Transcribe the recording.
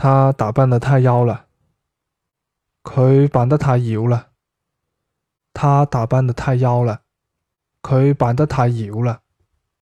她打扮得太妖了，佢扮得太妖啦。她打扮得太妖了，佢扮得太妖啦。